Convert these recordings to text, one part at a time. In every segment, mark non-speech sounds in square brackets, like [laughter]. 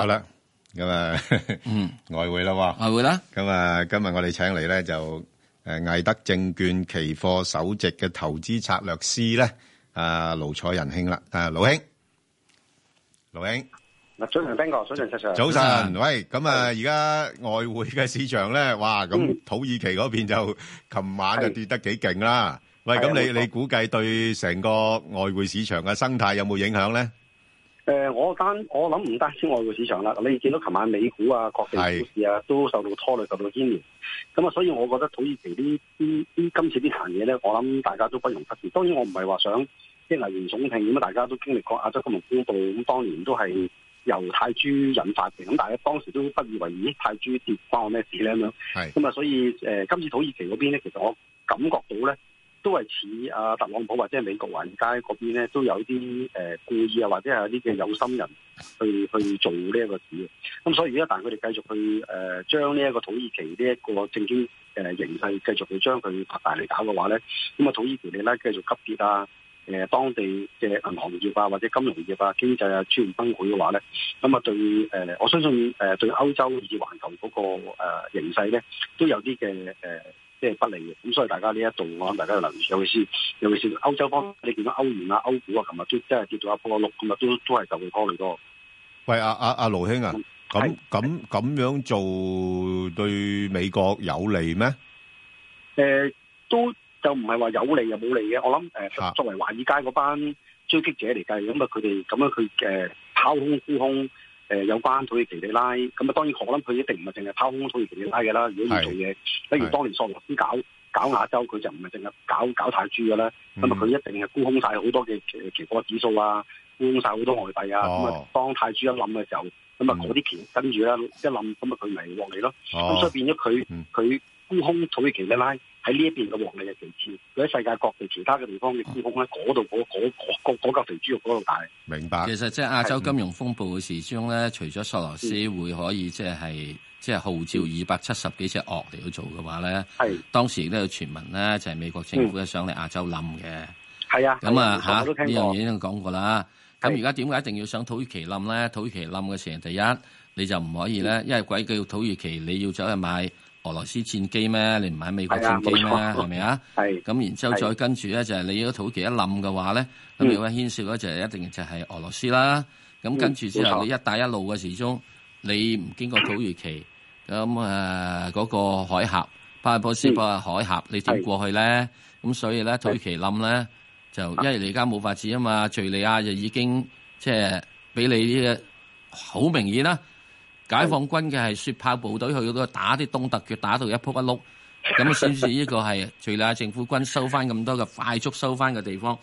好啦，咁啊，外匯啦，外匯啦，咁啊，今日我哋請嚟咧就誒，艾德證券期貨首席嘅投資策略師咧，阿盧楚仁兄啦，阿盧兄，盧兄，嗱，早晨邊個？早晨，Sir，早晨，喂，咁啊，而家外匯嘅市場咧，哇，咁土耳其嗰邊就琴晚就跌得幾勁啦，喂，咁你你估計對成個外匯市場嘅生態有冇影響咧？誒、呃，我單我諗唔單止外匯市場啦，你見到琴晚美股啊、國際股市啊都受到拖累、受到牽連，咁啊，所以我覺得土耳其呢呢呢今次呢行嘢咧，我諗大家都不容忽視。當然我唔係話想即係危言聳聽，咁啊，大家都經歷過亞洲金融風暴，咁當然都係由泰銖引發嘅。咁但係當時都不以為意，咦，泰銖跌關我咩事咧咁樣。咁啊是，所以誒、呃，今次土耳其嗰邊咧，其實我感覺到咧。都係似啊特朗普或者美國華爾街嗰邊咧，都有啲誒、呃、故意啊，或者係有啲嘅有心人去去做呢一個事。咁、嗯、所以，如果一旦佢哋繼續去誒、呃、將呢一個土耳其呢一個政經、呃、形勢繼續去將佢拍大嚟搞嘅話咧，咁啊土耳其你咧繼續急跌啊，誒、呃、當地嘅銀行業啊，或者金融業啊，經濟啊出現崩潰嘅話咧，咁、嗯、啊對、呃、我相信誒對歐洲以至環球嗰、那個、呃、形勢咧，都有啲嘅誒。呃即係不利嘅，咁所以大家呢一度，我諗大家留意，尤其是，尤其是歐洲方，你見到歐元啊、歐股啊，琴日都即係跌到一波一六，咁日都都係受佢拖累多。喂，阿阿阿盧兄啊，咁咁咁樣做對美國有利咩？誒、呃，都就唔係話有利又冇利嘅，我諗誒、呃、作為華爾街嗰班追擊者嚟計，咁啊佢哋咁樣佢嘅、呃、拋空沽空。誒、呃、有關土耳其里拉，咁啊當然可能佢一定唔係淨係拋空土耳其里拉嘅啦。如果唔做嘢，不是 如當年索羅斯搞搞亞洲，佢就唔係淨係搞搞泰銖嘅啦。咁啊佢一定係沽空晒好多嘅誒期貨指數啊，沽空曬好多外幣啊。咁啊、哦、當泰銖一冧嘅時候，咁啊嗰啲錢跟住咧一冧，咁啊佢咪落嚟咯。咁、哦、所以變咗佢佢。嗯天空土耳其嘅拉喺呢一邊嘅皇利嘅地氈，佢喺世界各地其他嘅地方嘅空空喺嗰度嗰嗰肥豬肉嗰度大，明白？其實即係亞洲金融風暴嘅時鐘咧，除咗索羅斯會可以即係即係號召二百七十幾隻鱷嚟去做嘅話咧，係當時都有傳聞咧，就係美國政府想嚟亞洲冧嘅，係啊，咁啊嚇呢樣嘢已經講過啦。咁而家點解一定要上土耳其冧咧？土耳其冧嘅時，第一你就唔可以咧，因為鬼叫土耳其你要走去買。俄羅斯戰機咩？你唔係美國戰機咩？係咪啊？係咁、啊，然之後再跟住咧，是就係你嗰土耳其一冧嘅話咧，咁如果牽涉嗰就係一定就係俄羅斯啦。咁、嗯、跟住之後，你一帶一路嘅時鐘，嗯、你唔經過土耳其，咁誒嗰個海峽，巴布斯伯海峽，是你點過去咧？咁是所以咧，土耳其冧咧，就是因為你而家冇法子啊嘛。敘利亞就已經即係俾你呢個好明顯啦。解放軍嘅係雪豹部隊去嗰度打啲東突厥，打到一仆一碌，咁啊，算是呢個係敍利亞政府軍收翻咁多嘅快速收翻嘅地方。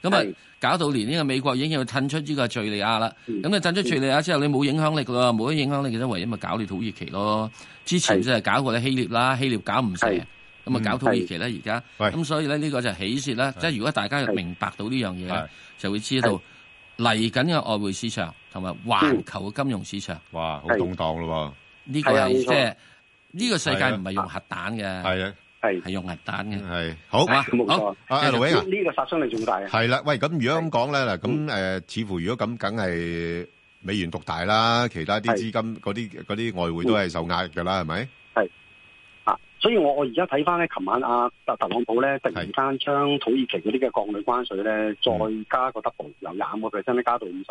咁啊，搞到連呢個美國已經要退出呢個敍利亞啦。咁啊、嗯，退出敍利亞之後，你冇影響力啦，冇咗影響力，其實唯因咪搞你土耳其咯。之前真係搞過啲希臘啦，希臘搞唔成，咁啊、嗯、搞土耳其咧而家。咁所以咧呢個就是起事啦，喂即係如果大家要明白到呢樣嘢，喂就會知道。嚟緊嘅外匯市場同埋環球嘅金融市場，哇，好動蕩咯！呢個係即係呢個世界唔係用核彈嘅，係啊，係係用核彈嘅，係好啊，冇錯啊，阿盧啊，呢個殺傷力仲大啊，係啦，喂，咁如果咁講咧，嗱，咁誒，似乎如果咁，梗係美元獨大啦，其他啲資金嗰啲啲外匯都係受壓力嘅啦，係咪？所以我我而家睇翻咧，琴晚阿阿特朗普咧突然間將土耳其嗰啲嘅鋼鋁關稅咧，是的 再加個 double，由廿五個 percent 加到五十。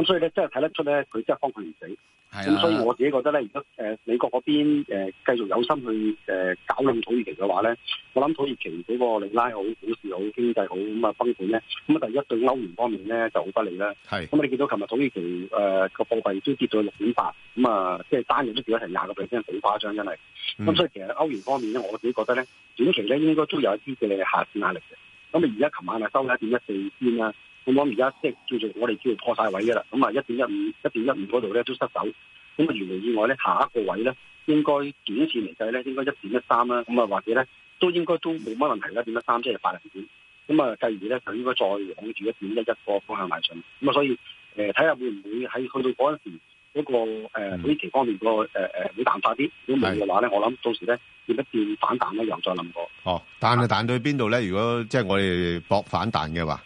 咁、嗯、所以咧，真係睇得出咧，佢真係方寸唔死。咁的、嗯、所以我自己覺得咧，如果誒、呃、美國嗰邊誒、呃、繼續有心去誒、呃、搞亂土耳其嘅話咧，我諗土耳其嗰個里拉好股市好經濟好咁啊崩盤咧。咁啊，第、嗯、一對歐元方面咧就好不利啦。咁你見到琴日土耳其誒個貨幣都跌到六點八，咁啊、嗯，即係單日都跌咗成廿個 percent，好誇張真係。咁、嗯、所以其實歐元方面咧，我自己覺得咧，短期咧應該都有一啲嘅下壓壓力嘅。咁、嗯、你而家琴晚啊收喺一點一四先啦。咁、嗯、我而家即係叫做我哋叫做破晒位嘅啦。咁啊，一點一五、一點一五嗰度咧都失手。咁啊，如無意外咧，下一個位咧，應該短線嚟計咧，應該一點一三啦。咁啊，或者咧，都應該都冇乜問題啦。13, 點一三即係八零點咁啊，繼而咧就應該再往住一點一一個方向埋上。咁啊，所以誒睇下會唔會喺去到嗰陣時一、那個誒土耳其、呃、方面個誒誒會淡化啲。如果唔係嘅話咧，的我諗到時咧點一二反彈咧又再諗過。哦，彈就彈到邊度咧？如果即係我哋搏反彈嘅話，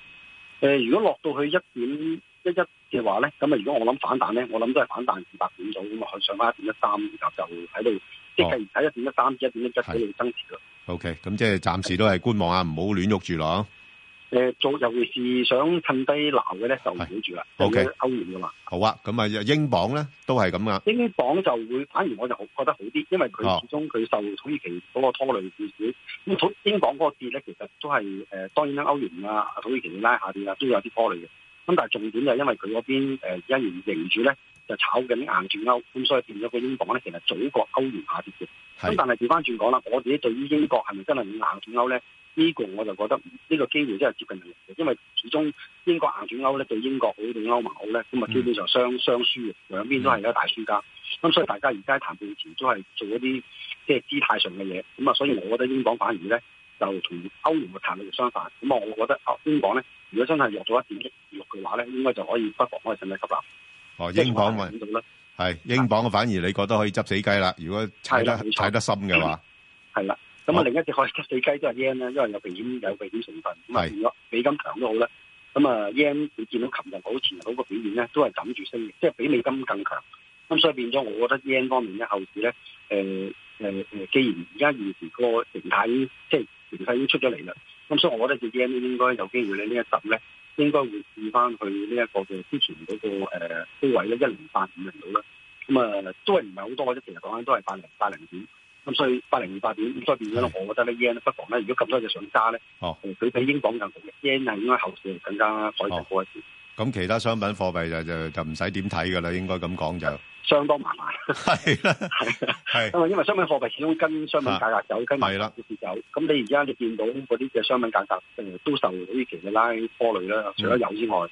誒、呃，如果落到去一點一一嘅話咧，咁啊，如果我諗反彈咧，我諗都係反彈二百點到，咁啊，去上翻一點一三，然後、哦、是就喺度、okay, 即係喺一點一三至一點一七嗰度增持咯。O K，咁即係暫時都係觀望下，唔好亂喐住咯。誒、呃，做尤其是想趁低撈嘅咧，了了是就唔好住啦。OK，歐元嘅嘛。好啊，咁啊，英鎊咧都係咁噶。英鎊就會，反而我就覺得好啲，因為佢始終佢受土耳其嗰個拖累少少。咁、哦嗯、英鎊嗰個跌咧，其實都係誒、呃，當然歐元啊、土耳其拉下跌啊，都有啲拖累嘅。咁、嗯、但係重點就係因為佢嗰邊一完贏住咧，就炒緊硬轉歐，咁、嗯、所以變咗個英鎊咧，其實早過歐元下跌嘅。咁是、嗯、但係調翻轉講啦，我自己對於英國係咪真係硬轉歐咧？呢個我就覺得呢、這個機會真係接近零嘅，因為始終英國硬轉歐咧對英國好對歐盟好咧，咁啊基本上雙雙輸嘅，兩邊、嗯、都係一個大輸家。咁、嗯嗯嗯、所以大家而家談判前都係做一啲即係姿態上嘅嘢。咁、嗯、啊，所以我覺得英鎊反而咧就同歐元嘅談判相反。咁、嗯、啊，我覺得啊英鎊咧，如果真係弱咗一點一六嘅話咧，應該就可以不妨可以順利吸納啦。哦，英鎊咪？點做咧？係英鎊嘅反而你覺得可以執死雞啦。的如果踩得踩錯得深嘅話，係啦、嗯。咁啊，嗯、另一隻海吉四雞都係 yen 啦，因為有避險有避險成分，咁啊變咗美金強都好啦。咁啊 yen 你見到琴日好前日嗰個表現咧，都係揞住升嘅，即係比美金更強。咁所以變咗，我覺得 yen 方面咧後市咧，誒誒誒，既然而家現時個形態，即係形態已經出咗嚟啦。咁所以，我覺得隻 yen 咧應該有機會咧，呢一集咧應該會試翻去呢一個嘅之前嗰、那個誒低、呃、位咧，一零八五零度啦。咁啊，都係唔係好多我啫？其實講緊都係八零八零點。咁所以八零二八點，咁以變咗咧，我覺得咧 yen 是不妨咧，如果咁多隻想揸咧，佢、哦呃、比英鎊更強，yen 係應該後市更加改善多一啲。咁、哦、其他商品貨幣就就就唔使點睇噶啦，應該咁講就相當麻麻，係啦，係因為商品貨幣始終跟商品價格走，跟走。咁你而家你見到嗰啲嘅商品價格如的、呃、都受到呢期嘅拉拖累啦，除咗有之外，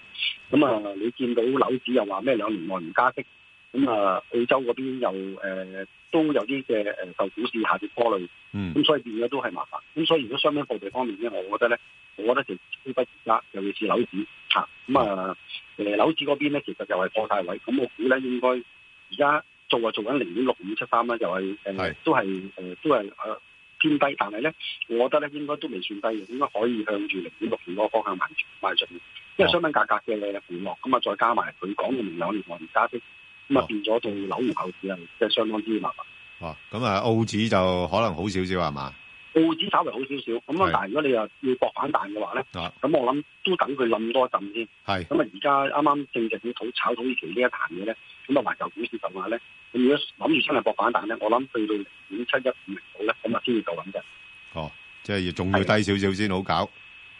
咁啊你見到樓市又話咩兩年內唔加息？咁啊，澳洲嗰邊又誒、呃、都有啲嘅誒受股市下跌波累，嗯，咁所以變咗都係麻煩。咁所以如果商品貨幣方面咧，我覺得咧，我覺得就依家尤其是樓市嚇，咁啊誒、呃、樓市嗰邊咧，其實就係破曬位。咁我估咧應該而家做啊做緊零點六五七三啦，3，又係誒是都係誒、呃、都係誒、呃、偏低，但係咧，我覺得咧應該都未算低，應該可以向住零點六五嗰個方向慢進賣，賣，賣，賣，因為商品價格嘅回落，咁啊再加埋佢講嘅明年可能加息。咁啊，變咗做紐元股市啊，即係相當之麻麻。哦，咁啊，澳紙就可能好少少係嘛？澳紙稍微好少少，咁啊，但係如果你又要搏反彈嘅話咧，咁、啊、我諗都等佢冧多一陣先。係。咁啊，而家啱啱正嘅要土炒土耳其呢一壇嘅咧，咁啊，環球股市就話咧，咁如果諗住出嚟搏反彈咧，我諗去到五七一五零到咧，咁啊先至夠穩嘅。哦，即係要仲要低少少先好搞，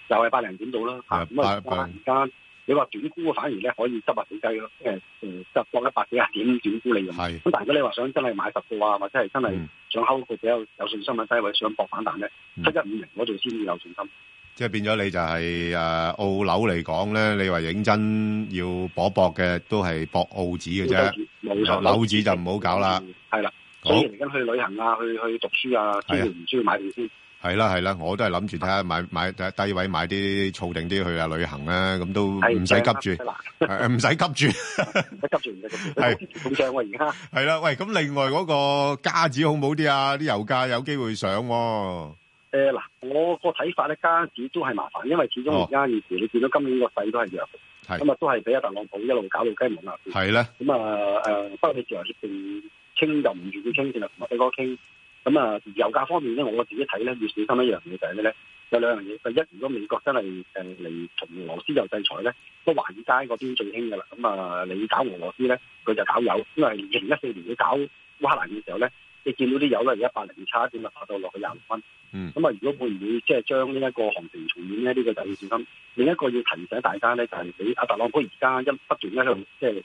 又係八零點到啦。嚇，咁啊，而家。你話短沽反而咧可以執、嗯、百幾雞咯，誒，執過一百幾啊點短沽你用。嘛是。咁但如果你話想真係買十股啊，或者係真係想 hold 比較有信心嘅低位，或者想搏反彈咧，七一五零嗰度先要有信心。即係變咗你就係、是、誒、啊、澳樓嚟講咧，你話認真要搏搏嘅都係搏澳紙嘅啫，冇錯。澳紙就唔、嗯、好搞啦。係啦，所以而家去旅行啊，去去讀書啊，只要唔需要買票先。係啦係啦，我都係諗住睇下買買低低位買啲儲定啲去下旅行咧，咁都唔使急住，唔使急住，唔急住嘅，係咁上喎而家。係啦，喂，咁另外嗰個加紙，好唔好啲啊？啲油價有機會上。誒嗱，我個睇法咧，加紙都係麻煩，因為始終而家以前你見到今年個勢都係弱，咁啊都係俾阿特朗普一路搞到雞毛爛。係咧，咁啊誒，不過你自由決定傾就唔願傾，原來同阿飛哥傾。咁啊，油價方面咧，我自己睇咧要小心一樣嘢就係咩咧？有兩樣嘢，第一，如果美國真係誒嚟同俄羅斯有制裁咧，都華爾街嗰邊最興噶啦。咁啊，你搞俄羅斯咧，佢就搞油，因為二零一四年佢搞烏克蘭嘅時候咧，你見到啲油咧一百零差點啊，跌到落去廿六蚊。嗯。咁啊，如果佢唔會即係將呢一個行情重演呢，呢、呢個就要小心。另一個要提醒大家咧，就係俾阿特朗普而家一不斷一路即係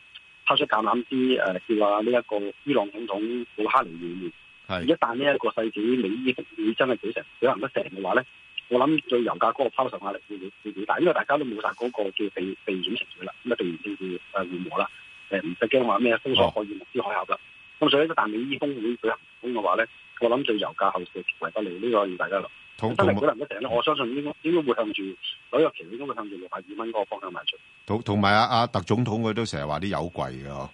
拋出橄欖枝誒，叫啊呢一個伊朗總統魯哈尼是一旦呢一個世紀美伊峰會真係舉成舉行得成嘅話咧，我諗對油價嗰個拋售壓力會會會幾大，因為大家都冇晒嗰個嘅避避險情緒啦，咁啊自然就會緩和啦，誒唔使驚話咩封鎖霍爾木茲海峽啦。咁、哦嗯、所以一旦美伊峰會舉行成功嘅話咧，我諗對油價後市嘅回覆嚟呢個要大家留意。真係可能得成咧，哦、我相信應該應該會向住紐約期應該會向住六百二蚊嗰個方向邁進。同同埋阿阿特總統佢都成日話啲油貴嘅。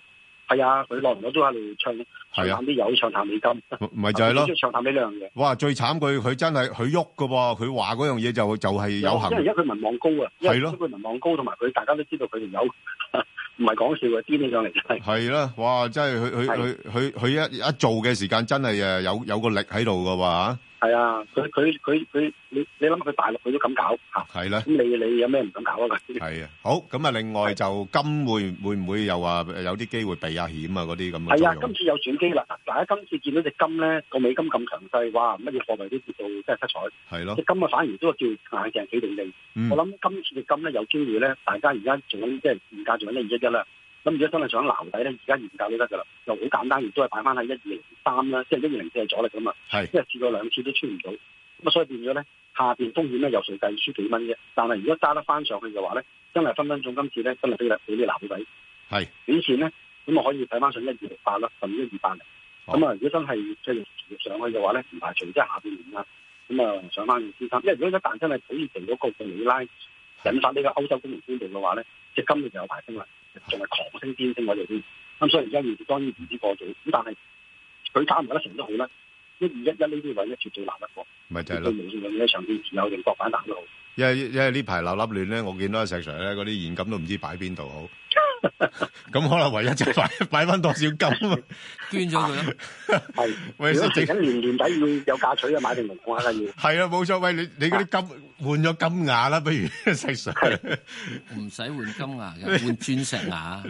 係啊，佢耐唔耐都喺度唱，係啊啲友唱淡美金，唔係就係咯，唱淡美元嘅。哇，最慘佢，佢真係佢喐噶，佢話嗰樣嘢就就係有恒。因為一佢民望高啊，係咯，佢民望高，同埋佢大家都知道佢哋有，唔係講笑嘅，癲起上嚟就係。係啦，哇，真係佢佢佢佢佢一一做嘅時間真係誒有有個力喺度噶哇。係啊，佢佢佢佢你你諗下佢大陸佢都敢搞吓，係啦。咁你你有咩唔敢搞啊？佢係啊。好，咁啊，另外就金會會唔會又話有啲機會避下險啊？嗰啲咁啊。係啊，今次有轉機啦。大家今次見到隻金咧，個美金咁強勢，哇，乜嘢貨幣都跌到即係七彩。係咯。隻金啊，反而都叫硬淨幾定定。我諗今次隻金咧有機會咧，大家而家仲喺即係現價仲喺一二一一啦。咁如果真係想留底咧，而家研究都得噶啦，又好簡單，亦都係擺翻喺一二零三啦，即係一二零四係阻力噶嘛，即係是試過兩次都出唔到，咁啊所以變咗咧，下邊風險咧又有數計輸幾蚊啫？但係如果揸得翻上去嘅話咧，真係分分鐘今次咧真係俾你俾你留底。係是，短線咧咁啊可以睇翻上一二六八啦，甚至一二八零。咁啊、哦、如果真係即係上去嘅話咧，唔排除即係下半年啦。咁啊上翻二千三，因為如果一旦真係土耳其嗰個里拉，引發呢個歐洲金融危機嘅話咧，即係今年就有排升啦。仲係狂升癲升我哋，咁所以而家要，當然唔知個組，咁但係佢加唔加得成都，是都好啦，一二一一呢啲位一絕對難得過，咪就係咯，上邊持有定搏板難路，因為因為呢排流笠亂咧，我見到阿石 Sir 咧嗰啲現金都唔知擺邊度好。咁可能唯一就擺擺翻多少金啊？捐咗佢啦。係，如果嚟緊年年底要有嫁娶啊，買定龍鳳啊要。係啊，冇錯，喂你你嗰啲金換咗金牙啦，不如細水。唔使換金牙嘅，換鑽石牙。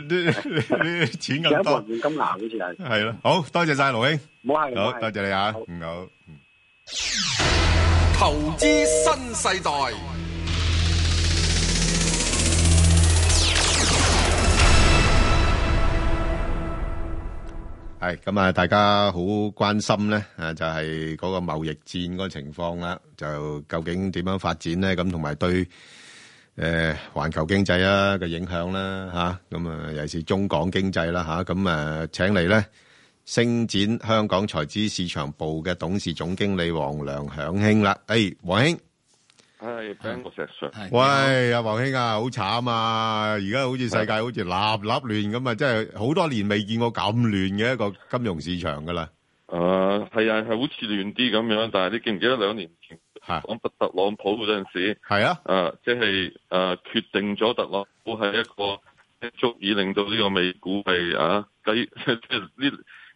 錢咁多。有一項換金牙好似係。係咯，好多謝晒盧兄。好，多謝你啊，唔好。投資新世代。係咁啊！大家好關心咧，啊就係嗰個貿易戰嗰個情況啦，就究竟點樣發展咧？咁同埋對誒環球經濟啊嘅影響啦嚇，咁啊尤其是中港經濟啦嚇，咁啊請嚟咧星展香港財資市場部嘅董事總經理王良享興啦，誒王興。唉，聽石喂，阿王兄啊，好慘啊！而家好似世界好似立立亂咁啊，真係好多年未見過咁亂嘅一個金融市場噶啦。誒、呃，係啊，係好似亂啲咁樣，但係你記唔記得兩年前講的特朗普嗰陣時？係啊的，誒、呃，即係誒，決定咗特朗普係一個足以令到呢個美股係啊，即係呢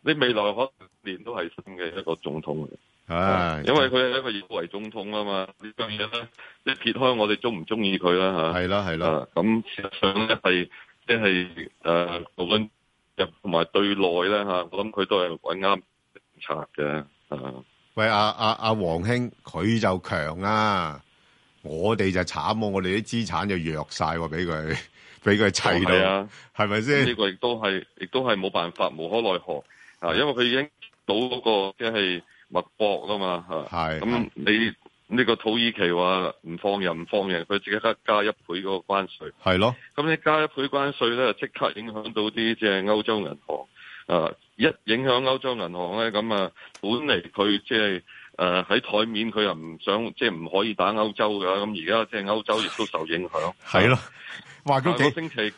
未來可能年都係新嘅一個總統。啊，因為佢係一個以為總統啊嘛，這個、呢樣嘢咧，即係撇開我哋中唔中意佢啦吓，係咯係咯，咁事、啊、實上咧係，即係誒，無論入同埋對內咧吓，我諗佢都係揾啱政策嘅吓。喂，阿阿阿王兄，佢就強啊，我哋、啊啊啊、就慘喎、啊，我哋啲資產就弱晒、啊，俾佢俾佢砌到，係咪先？呢吧個亦都係，亦都係冇辦法，無可奈何啊！因為佢已經到嗰個即係。就是密搏啦嘛嚇，咁是、嗯、你呢、呢個土耳其話唔放人唔放人，佢即刻加一倍嗰個關稅。係咯的，咁你加一倍關稅咧，即刻影響到啲即係歐洲銀行、啊。一影響歐洲銀行咧，咁啊、就是，本嚟佢即係誒喺台面佢又唔想，即係唔可以打歐洲㗎。咁而家即係歐洲亦都受影響。係咯，幾個星期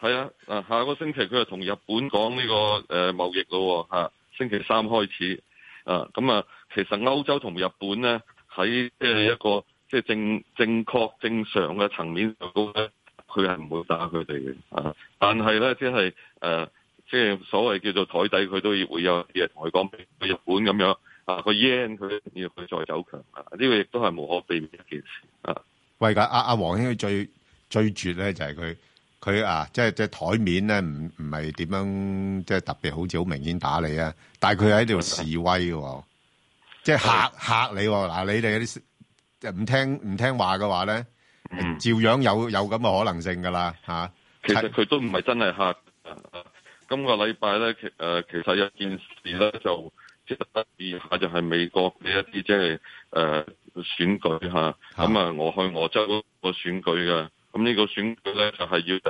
係啊哇，下個星期佢又同日本講呢、呢個誒、呃、貿易咯嚇、啊，星期三開始。啊，咁啊，其實歐洲同日本咧喺即係一個即係正正確正常嘅層面上，高咧，佢係唔會打佢哋嘅啊。但係咧，即係誒，即係所謂叫做台底，佢都要會有啲人同佢講，譬如日本咁樣啊，個 yen 佢要佢再走強啊，呢個亦都係無可避免一件事啊。喂，噶阿阿王兄最最絕咧就係佢。佢啊，即係即係台面咧，唔唔係點樣即係特別好似好明顯打你，的你啊！但係佢喺度示威喎，即係嚇嚇你喎嗱，你哋啲唔聽唔聽話嘅話咧，嗯、照樣有有咁嘅可能性㗎啦，啊、嚇是其、呃。其實佢都唔係真係嚇。今個禮拜咧，其誒其實有件事咧，就即係特別下就係美國呢一啲即係誒選舉嚇。咁啊，啊我去俄州嗰個選舉嘅。咁呢個選舉咧就係、是、要即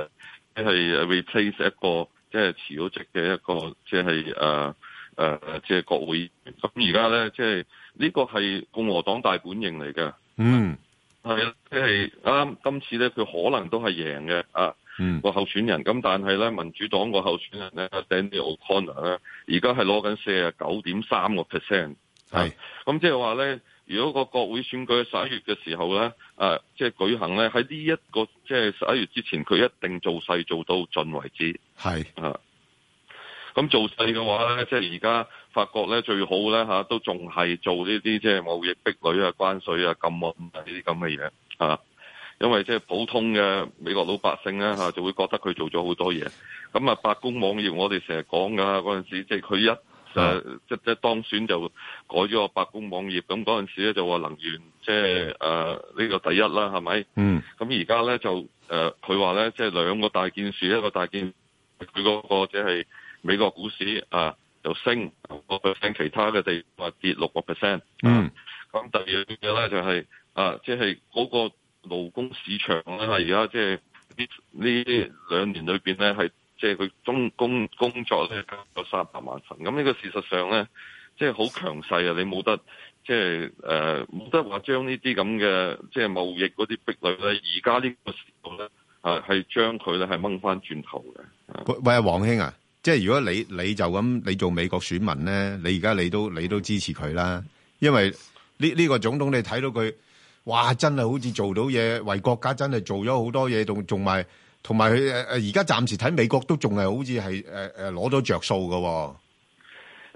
係 replace 一個即係辭咗職嘅一個即係誒誒即係國會。咁而家咧即係呢、就是這個係共和黨大本營嚟嘅。嗯、mm.，係、就、啊、是，即係啱今次咧，佢可能都係贏嘅啊。個個、mm. 候選人。咁但係咧，民主黨個候選人咧 Daniel O'Connor 咧，而家係攞緊四十九點三個 percent。咁即係話咧。如果個國會選舉喺十一月嘅時候咧，誒即係舉行咧，喺呢一個即係十一月之前，佢一定做勢做到盡為止。係是啊，咁做勢嘅話咧，即係而家法國咧最好咧嚇、啊，都仲係做呢啲即係貿易壁壘啊、關稅啊、禁運咁啊呢啲咁嘅嘢啊，因為即係普通嘅美國老百姓咧嚇、啊、就會覺得佢做咗好多嘢。咁啊，白宮網頁我哋成日講噶嗰陣時，即係佢一。誒即即當選就改咗個白宮網頁，咁嗰陣時咧就話能源即係誒呢個第一啦，係咪？嗯。咁而家咧就誒佢話咧，即、啊、係兩個大件事，一個大件，佢嗰個即係美國股市啊，就升個 p e，其他嘅地方跌六個 percent。 [noise] 嗯。咁第二樣嘢咧就係、是、啊，即係嗰個勞工市場咧，而家即係呢兩年裏面咧係。即係佢工工工作咧加咗三百萬份，咁呢個事實上咧，即係好強勢啊！你冇得即係誒，呃，冇得話將呢啲咁嘅即係貿易嗰啲壁壘咧，而家呢個時候咧啊，係將佢咧係掹翻轉頭嘅。啊、喂，王兄啊，即係如果你你就咁，你做美國選民咧，你而家你都你都支持佢啦，因為呢呢、呢個總統你睇到佢，哇，真係好似做到嘢，為國家真係做咗好多嘢，同仲埋。同埋佢誒誒，而家暫時喺美國都仲係好似係誒誒攞咗着數嘅。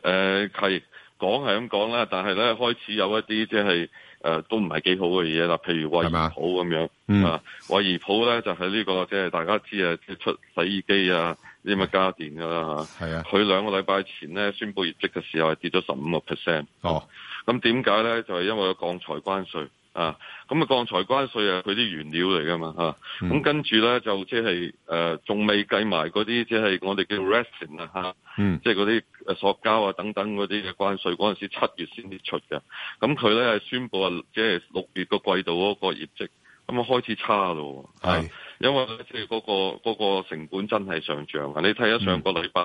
誒係講係咁講啦，但係咧開始有一啲即係誒都唔係幾好嘅嘢啦，譬如惠而浦咁樣，嗎啊、嗯，惠而浦咧就係、是、呢、這個即係大家知啊，即係出洗衣機啊呢啲咁嘅家電噶啦嚇，係啊，佢兩個禮拜前咧宣布業績嘅時候係跌咗十五個 percent，哦，咁點解咧就係、是、因為有鋼材關稅。啊，咁啊鋼材關稅啊，佢啲原料嚟噶嘛，吓，咁跟住咧就即係誒，仲未計埋嗰啲即係我哋叫 resin 啊，吓、嗯，即係嗰啲塑膠啊等等嗰啲嘅關稅，嗰陣時七月先至出嘅，咁佢咧係宣布啊，即係六月個季度嗰個業績，咁啊開始差咯，係是、啊，因為即係嗰個嗰、嗰個成本真係上漲、嗯、啊，你睇下上個禮拜，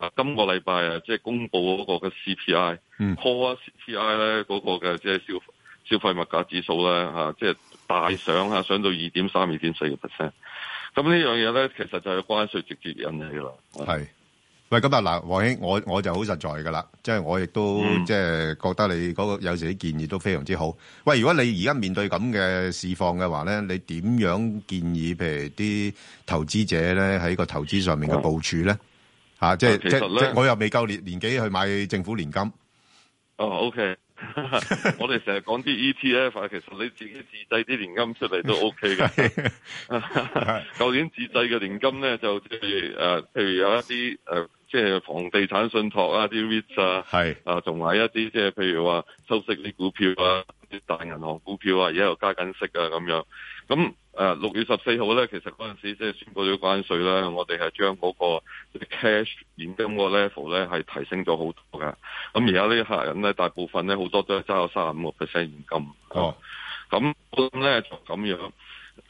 啊今個禮拜啊、嗯，即係公布嗰個嘅 CPI，core 啊 CPI 咧嗰個嘅即係消。消費物價指數咧、啊、即係大上下、啊、上到二點三、二點四嘅 percent。咁呢樣嘢咧，其實就係關稅直接引起噶啦。係，喂，咁啊嗱，王兄，我我就好實在噶啦，即係我亦都、嗯、即係覺得你嗰個有時啲建議都非常之好。喂，如果你而家面對咁嘅市況嘅話咧，你點樣建議譬如啲投資者咧喺個投資上面嘅部署咧、啊啊？即係即係，我又未夠年年紀去買政府年金。哦、啊，OK。 [laughs] 我哋成日講啲 ETF，其實你自己自製啲年金出嚟都 OK 嘅。舊 [laughs] [laughs] [laughs] 年自製嘅年金咧，就即係誒，譬如有一啲誒，即係房地產信託啊，啲 REIT 啊，係啊，同埋一啲即係譬如話收息啲股票啊。大銀行股票啊，而家又加緊息啊，咁樣咁誒，六月十四號咧，其實嗰陣時即係宣布咗關稅啦。我哋係將嗰個 cash 現金個 level 咧係提升咗好多嘅。咁而家呢啲客人咧，大部分咧好多都係揸有三十五個 percent 現金。哦、oh.，咁咧就咁樣，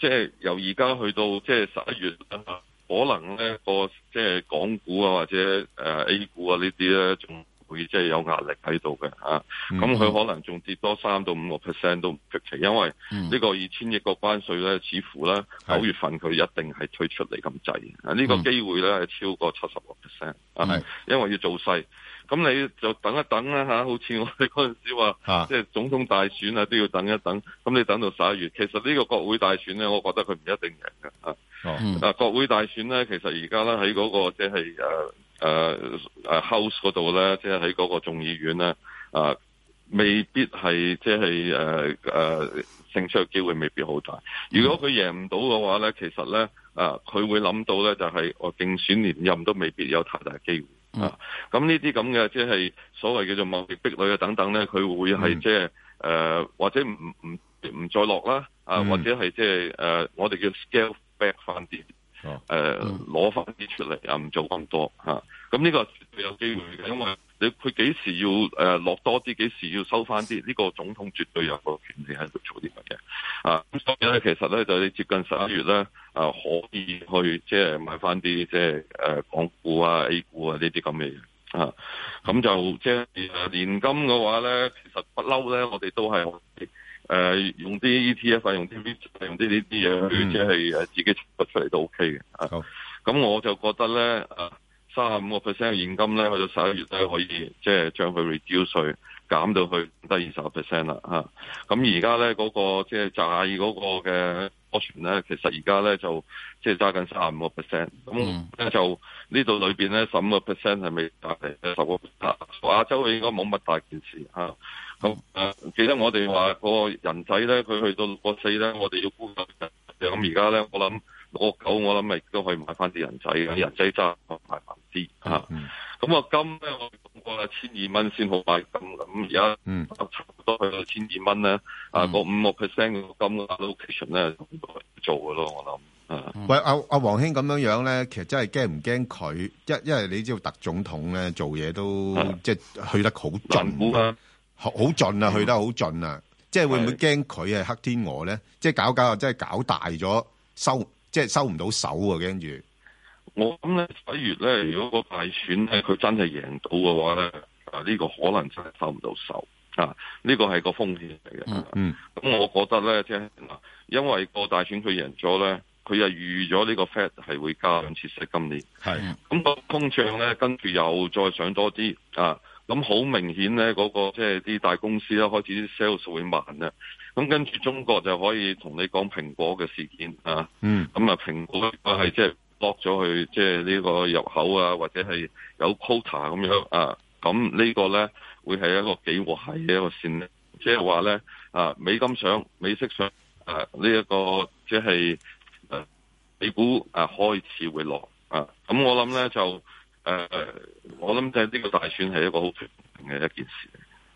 即係由而家去到即係十一月，可能咧、那個即係港股啊或者誒 A 股啊呢啲咧仲。會即係有壓力喺度嘅啊，咁佢、嗯嗯、可能仲跌多三到五個 percent 都唔出奇，因為呢個二千億個關稅咧，似乎咧九、嗯、月份佢一定係推出嚟，咁滯啊，這個、機呢個機會咧係超過七十個 percent 啊，係是因為要做細，咁你就等一等啦吓、啊，好似我哋嗰陣時話，即係、啊、總統大選啊都要等一等，咁你等到十一月，其實呢個國會大選咧，我覺得佢唔一定贏嘅吓，啊、嗯、啊國會大選咧，其實而家咧喺嗰個即係誒。就是啊呃、uh, house 嗰度咧，即係喺嗰個眾議院咧，啊未必係即係呃誒勝出嘅機會未必好大。如果佢贏唔到嘅話咧，其實咧啊，佢會諗到咧就係我競選連任都未必有太大機會、mm. 啊。咁呢啲咁嘅即係所謂叫做貿易壁壘啊等等咧，佢會係即係呃或者唔唔唔再落啦啊，或者係即係呃我哋叫 scale back 翻啲。誒，攞翻啲出嚟又唔做咁多吓，咁、啊、呢個絕對有機會嘅，因為你佢幾時要誒落、呃、多啲，幾時要收翻啲，呢、呢個總統絕對有個權利喺度做啲乜嘢啊。咁所以咧，其實咧就你接近十一月咧，啊可以去即係、即係、買翻啲即係誒港股啊、A 股啊呢啲咁嘅嘢啊。咁就即係年金嘅話咧，其實不嬲咧，我哋都係。誒、呃、用啲 ETF，用啲用啲呢啲嘢去即係誒自己出發出嚟都 OK 嘅。咁好我就覺得咧啊，三十五個 percent 嘅現金咧，去到十一月咧可以即係、就是、將佢 reduce 稅減到去低二十個 percent 啦嚇。咁而家咧嗰個即係、就是、債嗰個嘅 option 咧，其實而家咧就即係揸緊三十五個 percent。咁咧就呢度裏邊咧十五個 percent 係未達嘅，十個 percent 亞洲應該冇乜大件事嚇。啊咁誒，記得我哋話個人仔咧，佢去到六個四咧，我哋要沽手咁。而家咧，我諗六個九，我諗亦都可以買翻啲人仔嘅人仔，揸同埋啲。吓、嗯。咁、嗯、我、嗯嗯嗯、金咧，我講過千二蚊先好買咁。咁而家差唔多去到千二蚊咧，啊個五個 percent 嘅金 location 咧做嘅咯。我諗喂阿阿王兄咁樣這樣咧，其實真係驚唔驚佢？因為你知道特總統咧做嘢都、啊、即係去得好盡。好盡啊，去得好盡啊！嗯、即係會唔會驚佢係黑天鵝咧？即係搞搞，即係搞大咗收，即係收唔到手啊！跟住我咁咧，比如咧，如果個大選咧，佢真係贏到嘅話咧，啊呢、呢個可能真係收唔到手啊！呢個係個風險嚟嘅。嗯咁、啊、我覺得咧，即係嗱，因為個大選佢贏咗咧，佢又預咗呢個 Fed 係會加兩次息今年。係的。咁個通脹咧，跟住又再上多啲啊！咁好明顯咧，嗰、那個即係啲大公司咧，開始啲 sales 會慢咧。咁跟住中國就可以同你講蘋果嘅事件啊。咁、嗯、啊，蘋果係即係落咗去，即係呢個入口啊，或者係有 quota 咁樣啊。咁呢個咧會係一個幾和諧嘅一個線咧。即係話咧啊，美金上、美息上啊，呢、這、一個即、就、係、是啊、美股啊開始會落啊。咁我諗咧就。誒、呃，我諗即係呢個大選係一個好重要嘅一件事。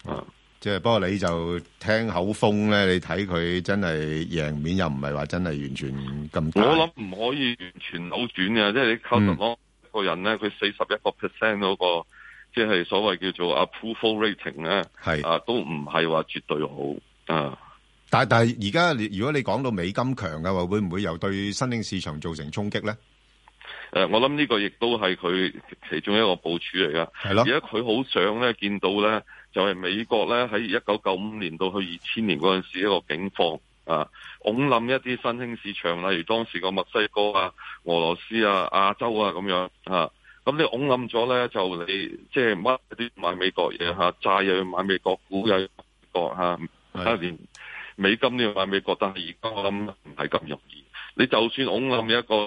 嗯、啊，即係不過你就聽口風咧，嗯、你睇佢真係贏面又唔係話真係完全咁大。我諗唔可以完全扭轉嘅，即係你扣除咗一個人咧，佢四十一個 percent 嗰個，即、就、係、是、所謂叫做 approval rating 咧、啊，係是啊，都唔係話絕對好。啊，但係但係而家如果你講到美金強嘅話，會唔會又對新興市場造成衝擊咧？誒，我諗呢個亦都係佢其中一個部署嚟噶。係咯。而家佢好想咧，見到咧，就係美國咧喺一九九五年到去二千年嗰陣時一個景況啊，拱冧一啲新興市場，例如當時個墨西哥啊、俄羅斯啊、亞洲啊咁樣啊。咁你拱冧咗咧，就你即係乜啲買美國嘢吓，債又要買美國，股又要買美國吓，連美金都要買美國，但係而家我諗唔係咁容易。你就算拱冧一個。